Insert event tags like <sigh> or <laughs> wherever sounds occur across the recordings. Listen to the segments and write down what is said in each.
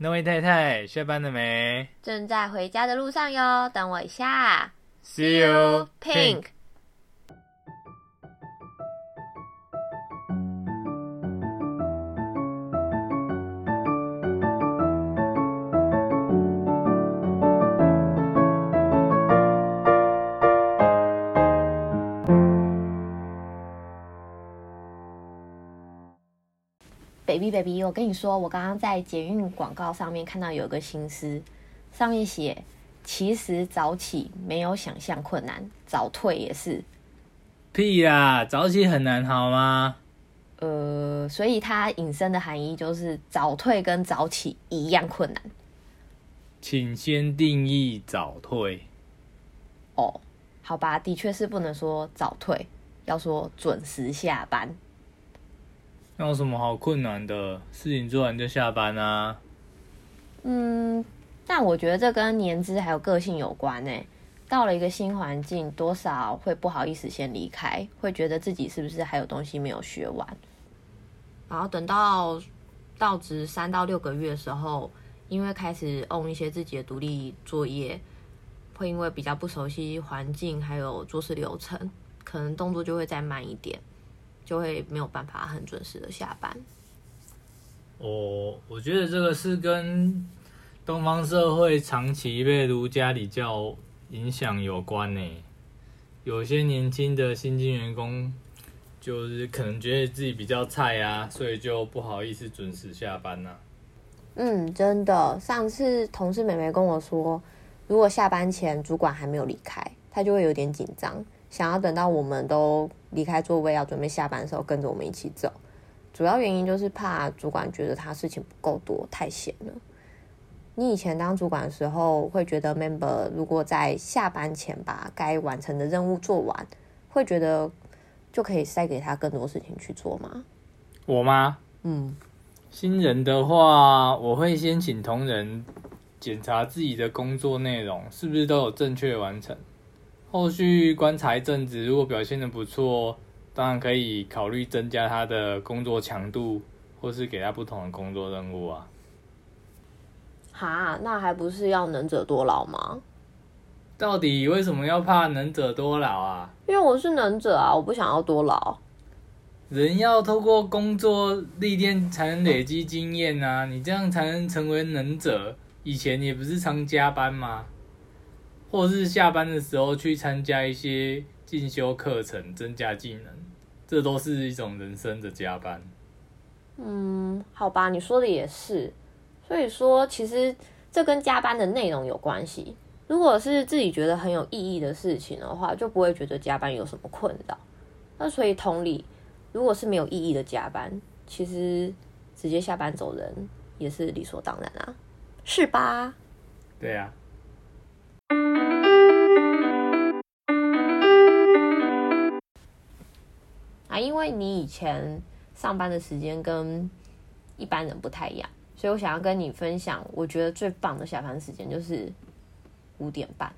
那 Wei 太太下班了沒？正在回家的路上喲，等我一下。See you, Pink。baby，我跟你說，我剛剛在捷運廣告上面看到有一個新詩，上面寫，其實早起沒有想象困難，早退也是。屁啦！啊，早起很難好嗎？呃，所以它引申的含義就是早退跟早起一樣困難。請先定義早退。哦，oh, 好吧，的確是不能說早退，要說準時下班。那有什麼好困難的事情？做完就下班啊。嗯，但我覺得這跟年資還有個性有關呢欸。到了一個新環境，多少會不好意思先離開，會覺得自己是不是還有東西沒有學完。然後等到到職三到六個月的時候，因為開始 own 一些自己的獨立作業，會因為比較不熟悉環境還有做事流程，可能動作就會再慢一點。就會沒有辦法很準時的下班。我、oh, 我覺得這個是跟東方社會長期被儒家禮教影響有關、欸、有些年輕的新進員工，就是可能覺得自己比較菜啊，所以就不好意思準時下班吶、啊。嗯，真的，上次同事美眉跟我說，如果下班前主管還沒有離開，她就會有點緊張。想要等到我們都離開座位，要準備下班的時候跟着我們一起走，主要原因就是怕主管覺得他事情不夠多，太閒了。你以前當主管的時候，會覺得 member 如果在下班前把該完成的任務做完，會覺得就可以塞給他更多事情去做嗎？我嗎？嗯，新人的話，我會先請同仁檢查自己的工作內容，是不是都有正確完成。後續觀察一陣子，如果表現得不錯，當然可以考慮增加他的工作強度，或是給他不同的工作任務啊。哈，那還不是要能者多勞嗎？到底為什麼要怕能者多勞啊？因為我是能者啊，我不想要多勞。人要透過工作歷練才能累積經驗啊，嗯、你這樣才能成為能者。以前也不是常加班嗎？或是下班的時候去參加一些進修課程，增加技能，這都是一種人生的加班。嗯，好吧，你說的也是。所以說，其實這跟加班的內容有關係。如果是自己覺得很有意義的事情的話，就不會覺得加班有什麼困擾。那所以同理，如果是沒有意義的加班，其實直接下班走人也是理所當然啊，是吧？對啊。因為你以前上班的時間跟一般人不太一樣，所以我想要跟你分享，我覺得最棒的下班時間就是五點半，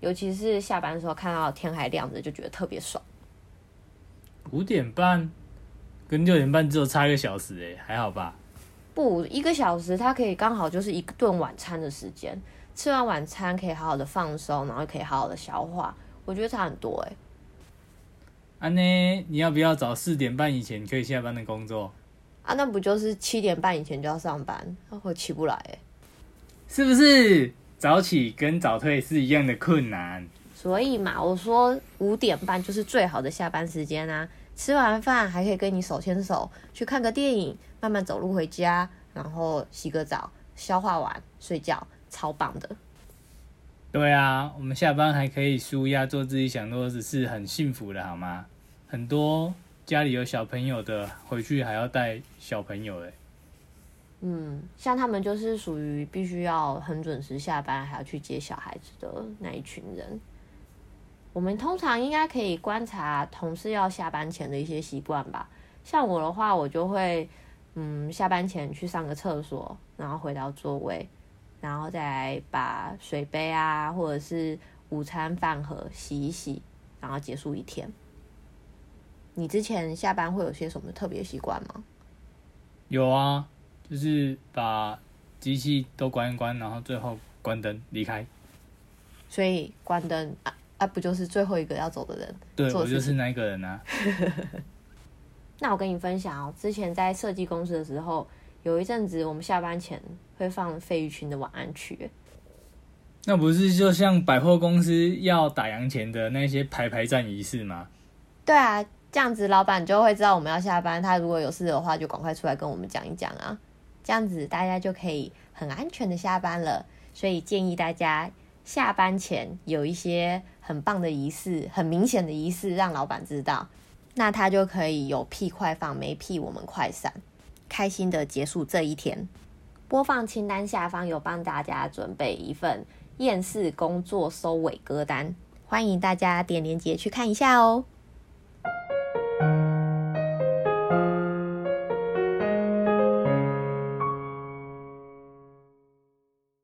尤其是下班的時候看到天還亮着，就覺得特別爽。五點半跟六點半只有差一個小時誒，還好吧？不，一個小時它可以剛好就是一頓晚餐的時間，吃完晚餐可以好好的放鬆，然後可以好好的消化，我覺得差很多誒。安呢、啊？你要不要找四點半以前可以下班的工作？啊，那不就是七點半以前就要上班，會、啊、起不來、欸、是不是早起跟早退是一樣的困難？所以嘛，我說五點半就是最好的下班時間啊！吃完飯還可以跟你手牽手去看個電影，慢慢走路回家，然後洗個澡，消化完睡覺，超棒的。對啊，我們下班還可以舒壓，做自己想做的事，是很幸福的，好嗎？很多家裡有小朋友的，回去還要帶小朋友哎。嗯，像他們就是屬於必須要很準時下班，還要去接小孩子的那一群人。我們通常應該可以觀察同事要下班前的一些習慣吧。像我的話，我就會嗯，下班前去上個廁所，然後回到座位。然後再來把水杯啊，或者是午餐飯盒洗一洗，然後結束一天。你之前下班會有些什麼特別習慣嗎？有啊，就是把機器都關一關，然後最後關燈離開。所以關燈啊啊，啊不就是最後一個要走的人？對，我就是那個人啊。 <laughs> 那我跟你分享哦，之前在設計公司的時候。有一陣子，我們下班前會放費玉清的晚安曲。那不是就像百貨公司要打烊前的那些排排站儀式嗎？對啊，這樣子老闆就會知道我們要下班。他如果有事的話，就趕快出來跟我們講一講啊。這樣子大家就可以很安全的下班了。所以建議大家下班前有一些很棒的儀式，很明顯的儀式，讓老闆知道，那他就可以有屁快放，沒屁我們快散。開心的結束這一天。播放清單下方有幫大家準備一份厭世工作收尾歌單，歡迎大家點連結去看一下哦。